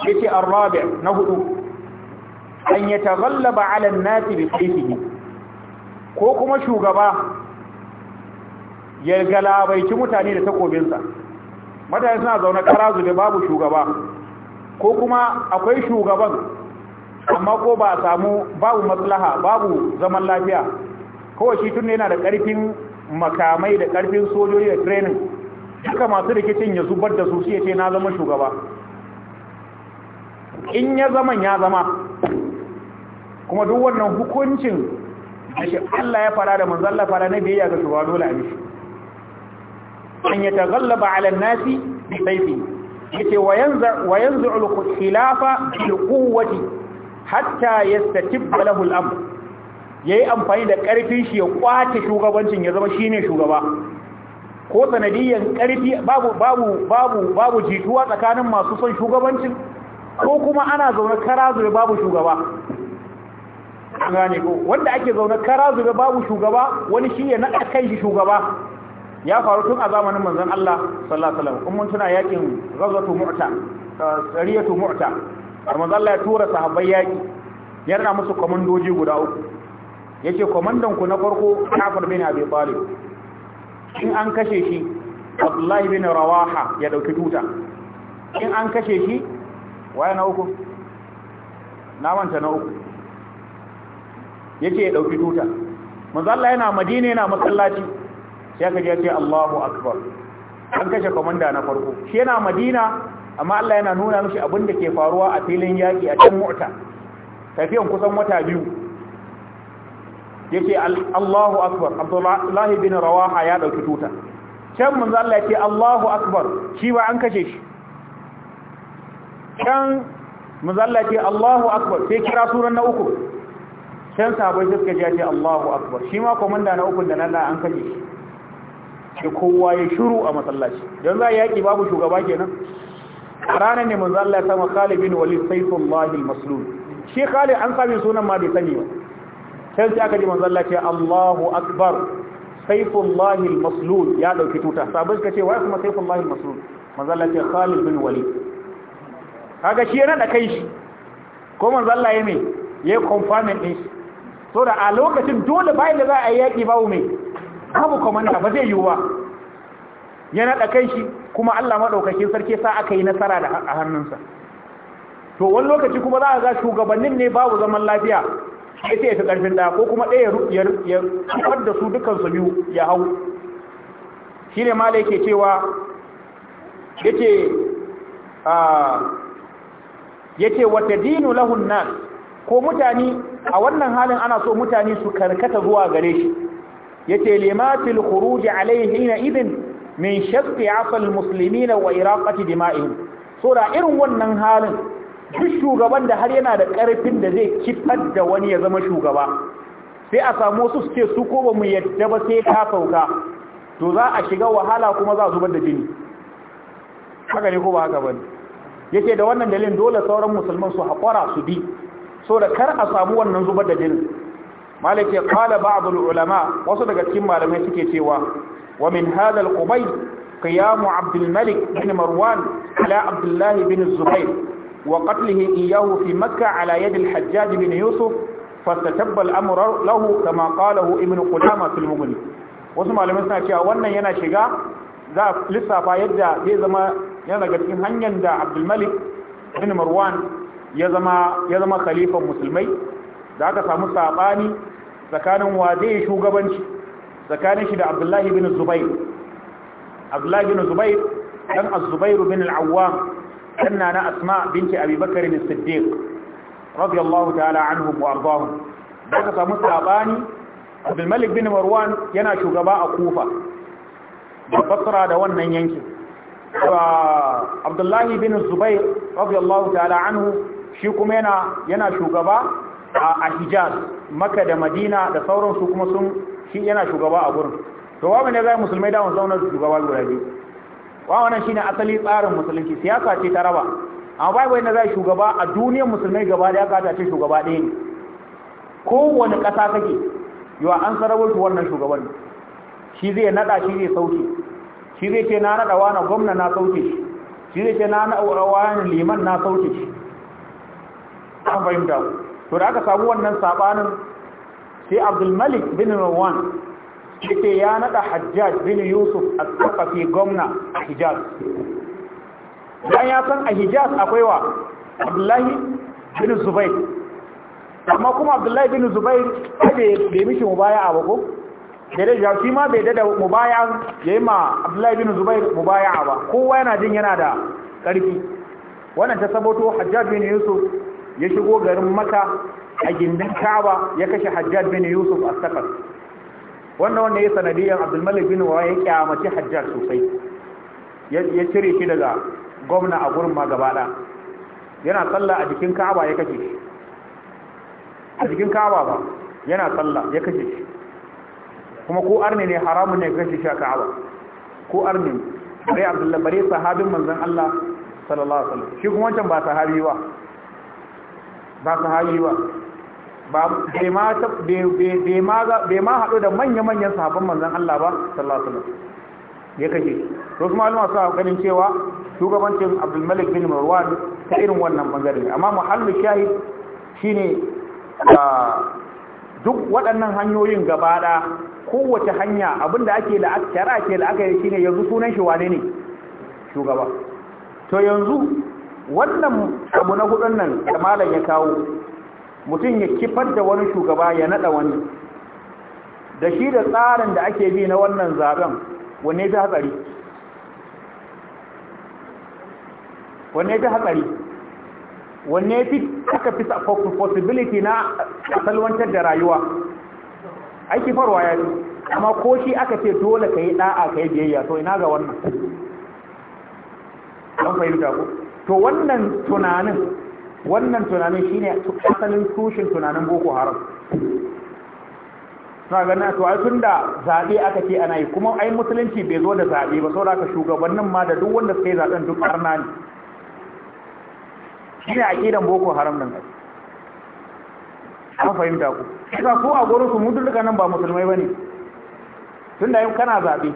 a arabi na hudu an ya taghallaba ala nasi da sayfihi ko kuma shugaba ya galabaici mutane da takobinsa mutane suna zaune karazu da babu shugaba ko kuma akwai shugaban amma ko ba a samu babu maslaha babu zaman lafiya kawai shi tun yana da ƙarfin makamai da ƙarfin sojoji da training duka masu rikicin ya zubar da su shi ya ce na zama shugaba in ya zaman ya zama kuma duk wannan hukuncin da Allah ya fara da manzalla fara na biyayya ga shugaba dole a mishi an ya taghallaba ala nasi bi wa wa yanzu al bi quwwati hatta yastatib lahu al Ya yi amfani da karfin shi ya kwace shugabancin ya zama ne shugaba ko sanadiyan karfi babu babu babu babu jituwa tsakanin masu son shugabancin ko kuma ana zaune kara babu shugaba gane ko wanda ake zaune kara zube babu shugaba wani shi ya naɗa kan shi shugaba ya faru tun a zamanin manzon Allah sallallahu alaihi wasallam kun mun yakin ghazwatu mu'ta uh, sariyatu mu'ta manzon Allah ya tura sahabbai yaki ya rana musu komandoji guda uku yace komandan ku na farko Kafir bin Abi Talib in an kashe shi Abdullahi bin Rawaha ya dauki tuta in an kashe shi waye na uku na manta na uku yace ya dauki tuta manzo Allah yana Madina yana masallaci sai aka ji ce Allahu akbar an kashe komanda na farko shi yana Madina amma Allah yana nuna mishi abin da ke faruwa a filin yaki a can Mu'ta tafiyan kusan wata biyu ya ce Allahu akbar Abdullahi bin Rawaha ya dauki tuta can manzo Allah yace Allahu akbar shi ba an kashe shi can manzo Allah yace Allahu akbar sai kira suran na uku sai sabon suka ji ce Allahu akbar shi ma komanda na uku da nan da an kaje shi shi kowa ya shiru a masallaci don za yaki babu shugaba kenan ranar ne manzo Allah ya sama Khalid bin Walid sayfullahi al-maslul shi Khalid an sami sunan ma bai sani ba sai sai aka ji manzo Allah ce Allahu akbar sayfullahi al-maslul ya dauki tuta sabon suka ce wai kuma sayfullahi al-maslul manzo Allah ce Khalid bin Walid kaga shi yana da kai shi ko manzo Allah ya me ya confirm din shi so da a lokacin dole bayan da za a yi yaƙi babu mai abu komanda ba zai yiwu ba ya naɗa kai shi kuma Allah maɗaukakin sarki sa aka yi nasara da a hannunsa to wani lokaci kuma za a ga shugabannin ne babu zaman lafiya ce ya fi ƙarfin ɗaya ko kuma ɗaya ya kawar da su dukansu biyu ya hau shi ne mala yake cewa yake ah, wata dinu lahun nas ko mutane a wannan halin ana so mutane su karkata zuwa gare shi yace limatil khuruj alaihi ina idin min shaqqi asal muslimina wa iraqati dima'ihim so da irin wannan halin duk shugaban da har yana da karfin da zai kifar da wani ya zama shugaba sai a samu su suke su ko ba mu yadda ba sai ta sauka to za a shiga wahala kuma za a zubar da jini haka ne ko ba haka bane yace da wannan dalilin dole sauran musulman su haƙura su bi so da kar a samu wannan zubar da jini malik ya kala ba'dul ulama wasu daga cikin malamai suke cewa wa min hadha al-qubay qiyam malik bin marwan ala abdullah bin zubair wa qatlihi iyahu fi makkah ala yad al-hajjaj bin yusuf fastatabba al-amru lahu kama qalahu ibn qudama fil mughni wasu malamai suna cewa wannan yana shiga za lissafa yadda zai zama yana daga cikin hanyar da abdulmalik bin marwan ya zama khalifan musulmai da aka samu saɓani tsakanin wa zai shugabanci tsakanin shi da abdullahi bin zubair abdullahi bin zubair dan azubairu bin al'awwam dan na asma binci abubakar bin siddiq radiyallahu ta'ala anhum wa ardahum da aka samu saɓani abdulmalik bin marwan yana shugaba a kufa da basra da wannan yankin abdullahi bin zubair radiyallahu ta'ala anhu shi kuma yana yana shugaba a hijaz Makka da madina da sauransu kuma sun shi yana shugaba a gurin to babu ne zai musulmai da zauna shugaba guda biyu wa wannan shine asali tsarin musulunci siyasa ce ta raba amma babu wanda zai shugaba a duniyar musulmai gaba da aka ce shugaba ɗaya ne Ko wani ƙasa kake yawa an sarrafa wannan shugaban shi zai nada shi zai sauke shi zai ce na nada wani gwamna na sauke shi shi zai ce na nada wani liman na sauke shi an fahimta to da aka samu wannan sabanin sai abdulmalik bin rawan yake ya nada hajjaj bin yusuf a tsakafi gwamna a hijaz dan ya san a hijaz akwai wa abdullahi bin zubair amma kuma abdullahi bin zubair bai mishi mubaya a bako da da shi ma bai dada baya ya yi ma abdullahi bin zubair mubaya ba kowa yana jin yana da ƙarfi wannan ta saboto hajjaj bin yusuf ya shigo garin maka a gindin kaba ya kashe hajjaj bin yusuf as-sakar wanda wanda ya sanadiyar abdulmalik bin wa ya kyamaci hajjaj sosai ya cire shi daga gwamna a gurin ma gabaɗa yana tsalla a jikin kaba ya kashe shi a jikin kaba ba yana tsalla ya kashe shi kuma ko arni ne haramun ne kashe shi a kaba ko arni bare abdullahi bare sahabin manzon Allah sallallahu alaihi wasallam shi kuma wancan ba sahabi ba ba su hayuwa bai ma haɗu da manya-manyan sahabban manzan Allah ba sallallahu alaihi ya kashe to su malama su ganin cewa shugabancin abdulmalik bin marwan ta irin wannan bangare amma muhallin shahid shine ah, duk waɗannan hanyoyin gaba da kowace hanya abinda ake da shara ake da aka yi shine yanzu sunan shi wane ne shugaba to yanzu wannan abu na hudun nan da malam ya kawo mutum ya kifar da wani shugaba ya nada wani da shi da tsarin da ake bi na wannan zaben wanne ta hatsari wanne ta hatsari wane fi aka fi possibility na salwantar da rayuwa aiki farwa ya amma ko shi aka ce dole ka yi ɗa'a ka yi biyayya to ina ga wannan don fahimta ku to wannan tunanin wannan tunanin shine asalin tushen tunanin boko haram suna ganin to ai tunda zabe aka ce ana yi kuma ai musulunci bai zo da zabe ba saboda aka shugabannin ma da duk wanda suka yi zaben duk arna ne shine akidan boko haram nan kai an fahimta ku kisa ko a gurin su mu duka nan ba musulmai bane tunda yau kana zabe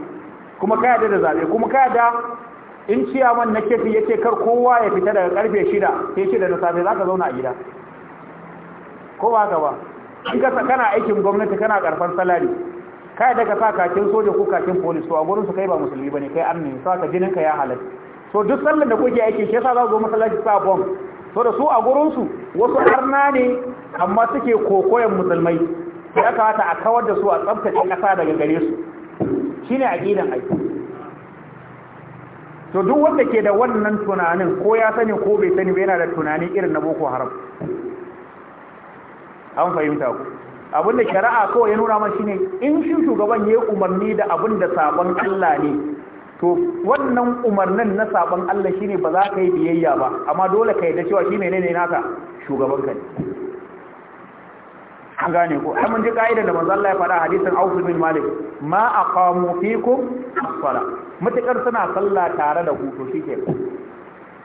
kuma ka da zabe kuma ka yarda in ciyaman na kefi ya ce kar kowa ya fita daga karfe shida sai shida da safe za ka zauna a gida ko ba ka ba in ka kana aikin gwamnati kana karfan salari kai da ka sa kakin soja ko kakin polis to a gurin kai ba musulmi ba ne kai ne, sa ka jinin ya halatta to duk sallar da kuke aiki shi yasa za zo masallaci sa bom to da su a gurinsu wasu arna ne amma suke kokoyan musulmai ya kamata a kawar da su a tsabtace kasa daga gare su shine aqidan aiki to duk wanda ke da wannan tunanin ko ya sani ko bai sani ba yana da tunani irin na boko haram an fahimta ku abin shari'a kawai ya nuna mashi ne in shi shugaban ya yi umarni da abin da sabon Allah ne to wannan umarnin na sabon Allah shine ba za ka yi biyayya ba amma dole ka yi da cewa shi menene naka shugaban ka ne an gane ko ai mun ji da manzo Allah ya fara hadisin Auf bin Malik ma aqamu fikum as-sala mutakar suna sallah tare da ku to shike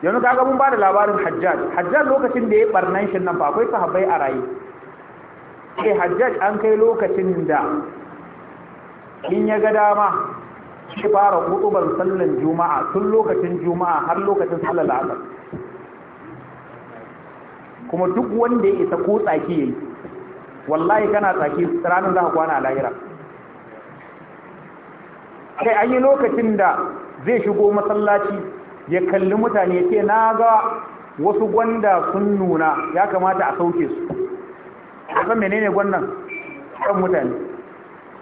yanzu kaga mun bada labarin Hajjaj Hajjaj lokacin da ya barnan shin nan fa akwai sahabbai a rayi sai eh, Hajjaj an kai lokacin da in ya ga dama shi fara hutubar sallan juma'a tun lokacin juma'a har lokacin sallar asar kuma duk wanda ya isa ko tsaki yayi wallahi kana tsaki ranar za ka kwana a lahira kai an lokacin da zai shigo masallaci ya kalli mutane ce na ga wasu gwanda sun nuna ya kamata a sauke su a menene gwannan kan mutane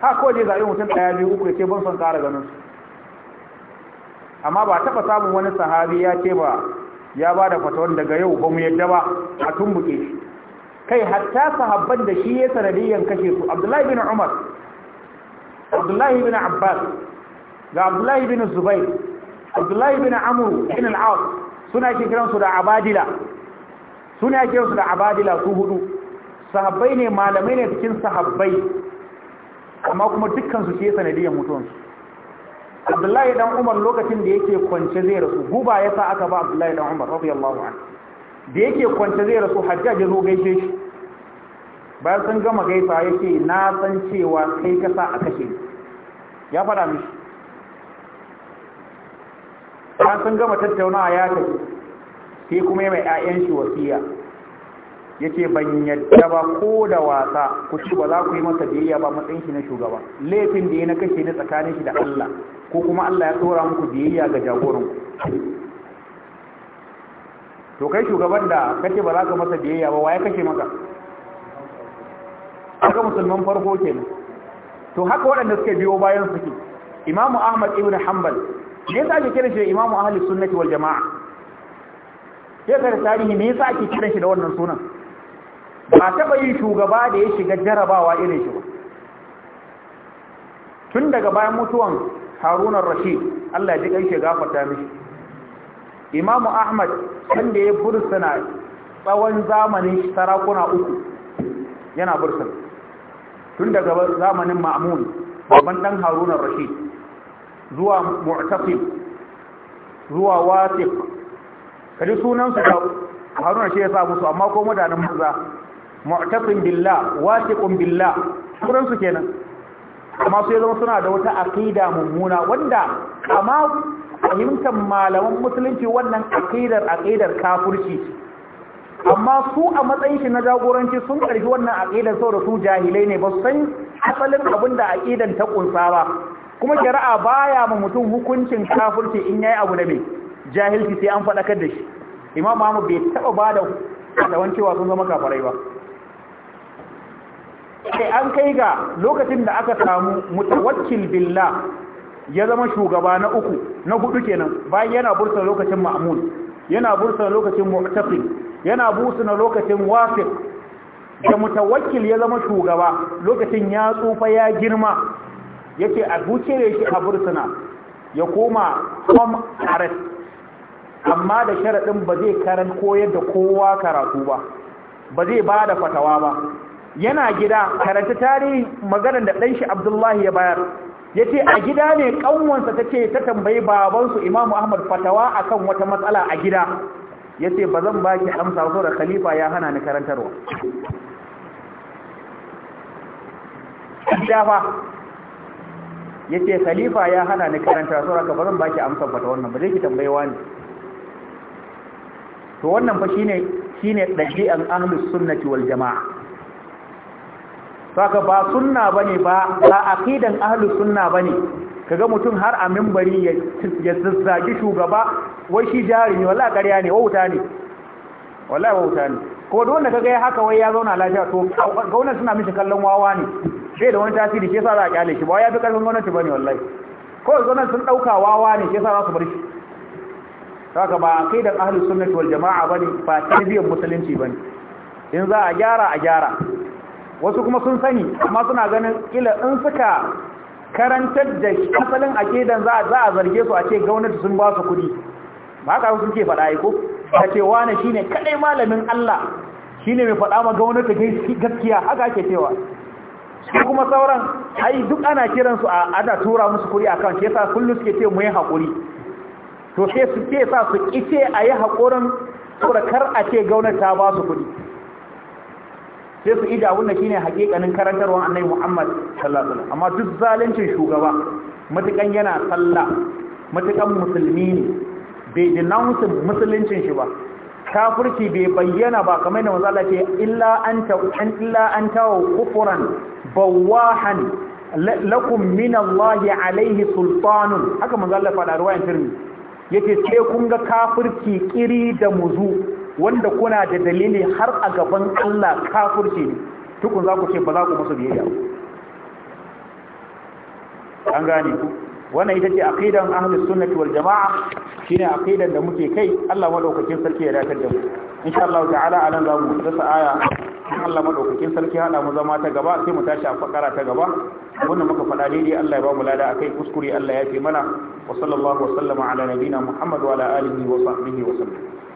ha kawai zai zaɓi mutum ɗaya biyu uku ya ce ban son ƙara ganin su amma ba taɓa samun wani sahabi ya ce ba ya bada da fatawar daga yau ba mu yadda ba a tumbuke shi kai hatta sahabban da shi ya sanadiyyan kashe su abdullahi bin umar abdullahi bin abbas ga abdullahi bin zubair abdullahi bin amur bin al'as suna ke kiransu da abadila suna ke kiransu da abadila su hudu sahabbai ne malamai ne cikin sahabbai amma kuma dukkansu ke sanadiyyan mutuwansu abdullahi dan umar lokacin da yake kwance zai rasu guba ya sa aka ba abdullahi dan umar radiyallahu anhu da yake kwanta zai rasu hajjaj ya zo gaishe shi bayan sun gama ya ce na san cewa kai kasa a kashe ya fada mishi bayan sun gama tattaunawa ya tafi sai kuma ya mai 'ya'yan shi wasiya ya ce ban yadda ba ko da wasa ku ci ba za ku yi masa biyayya ba matsayin shi na shugaba laifin da ya na kashe na tsakanin shi da Allah ko kuma Allah ya tsora muku biyayya ga jagoranku to kai shugaban da kake ba za ka masa biyayya ba waye kashe maka aka musulman farko kenan to haka waɗanda suke biyo bayan suke imamu ahmad ibn hanbal me yasa ake kira shi imamu ahli sunnati wal jamaa ke ga tarihi me yasa ake kira shi da wannan sunan ba taba yin shugaba da ya shiga jarabawa irin shi ba tun daga bayan mutuwan harun ar-rashid Allah ya ji kai shi gafarta mishi imamu ahmad wanda ya bursuna tsawon zamanin sarakuna uku yana bursuna tun daga zamanin ma'amun babban dan harunan rashid zuwa mu'tasim zuwa watif kaji sunansu da harunan shi ya sa musu amma ko mudanin maza mu'tasim billah wasiqun billah sunansu kenan amma sai zama suna da wata aqida mummuna wanda amma fahimtar malaman musulunci wannan aƙidar aƙidar kafurci. amma su a matsayin shi na jagoranci sun ƙarfi wannan sau saboda su jahilai ne ba san asalin abin da aƙidan ta ƙunsa ba kuma shari'a baya ma mutum hukuncin kafurci in yayi abu da mai, jahilci sai an faɗakar da shi imam bai taba bada da cewa sun zama kafarai ba sai an kai ga lokacin da aka samu mutawakkil billah ya zama shugaba na uku na hudu kenan bayan yana bursa lokacin ma'amun yana bursa lokacin mu'tasim yana bursa lokacin wasiq da mutawakkil ya zama shugaba lokacin ya tsufa ya girma yake a bucire shi a bursuna ya koma home arrest amma da sharadin ba zai karan koyar da kowa karatu ba ba zai bada fatawa ba yana gida karanta tarihin maganar da ɗanshi Abdullahi ya bayar Ya ce a gida ne ƙanwansa ta ce ta tambayi babansu Imam Ahmad fatawa akan wata matsala a gida Ya ce ba zan ba ki amsa ba da khalifa ya hana ni karantarwa gida ya ce khalifa ya hana ni karantarwa zan ba ki amsa fata wannan ba zai ki tambayi ne to wannan fa shine shine ɗaji'an ahlus sunnati wal jamaa saka ba sunna bane ba ba aqidan ahlus sunna bane kaga mutum har a minbari ya ya zazzagi shugaba wai shi jari ne wallahi ƙarya ne wauta ne wallahi wauta ne ko don wanda kaga ya haka wai ya zauna lafiya to gwamnati suna mishi kallon wawa ne sai da wani tasiri ke sa za a kyale shi ba ya fi karfin gwamnati bane wallahi ko gwamnati sun dauka wawa ne ke sa za su bar shi saka ba aqidan ahlus sunnah wal jamaa bane ba tarbiyyar musulunci bane in za a gyara a gyara wasu kuma sun sani amma suna ganin kila in suka karantar da asalin akidan za a zarge su a ce gwamnati sun ba su kudi ba ka sun ke faɗa ko ta ce shi shine kadai malamin Allah shine mai faɗa ma gwamnati gaskiya haka ake cewa su kuma sauran ai duk ana kiransu a ana tura musu kuri akan shi yasa kullum suke ce mu yi hakuri to sai su ce sa su kice a yi haƙurin saboda kar a ce gwamnati ta ba su kudi sai ku ida wannan shine hakikanin karantarwar annabi Muhammad sallallahu alaihi amma duk zalincin shugaba mutukan yana sallah mutukan musulmi ne bai denounce musuluncin shi ba kafirci bai bayyana ba kamar da manzo Allah ke illa anta an illa anta kufran bawahan lakum min Allah alaihi sultanun haka manzo Allah faɗa ruwayan tirmi yake sai kun ga kafirci kiri da muzu wanda kuna da dalili har a gaban Allah kafirci ne tukun za ku ce ba za ku musu biyayya an gane ku wannan ita ce aqidan ahlus sunnati wal jamaa shine aqidan da muke kai Allah madaukakin sarki ya dakatar da mu insha Allah ta'ala anan za mu dasa aya Allah madaukakin sarki hada mu zama ta gaba sai mu tashi a fakara ta gaba wannan muka faɗa daidai Allah ya ba mu lada akai kuskure Allah ya fi mana wa sallallahu wa sallama ala nabina Muhammad wa ala alihi wa sahbihi wa sallam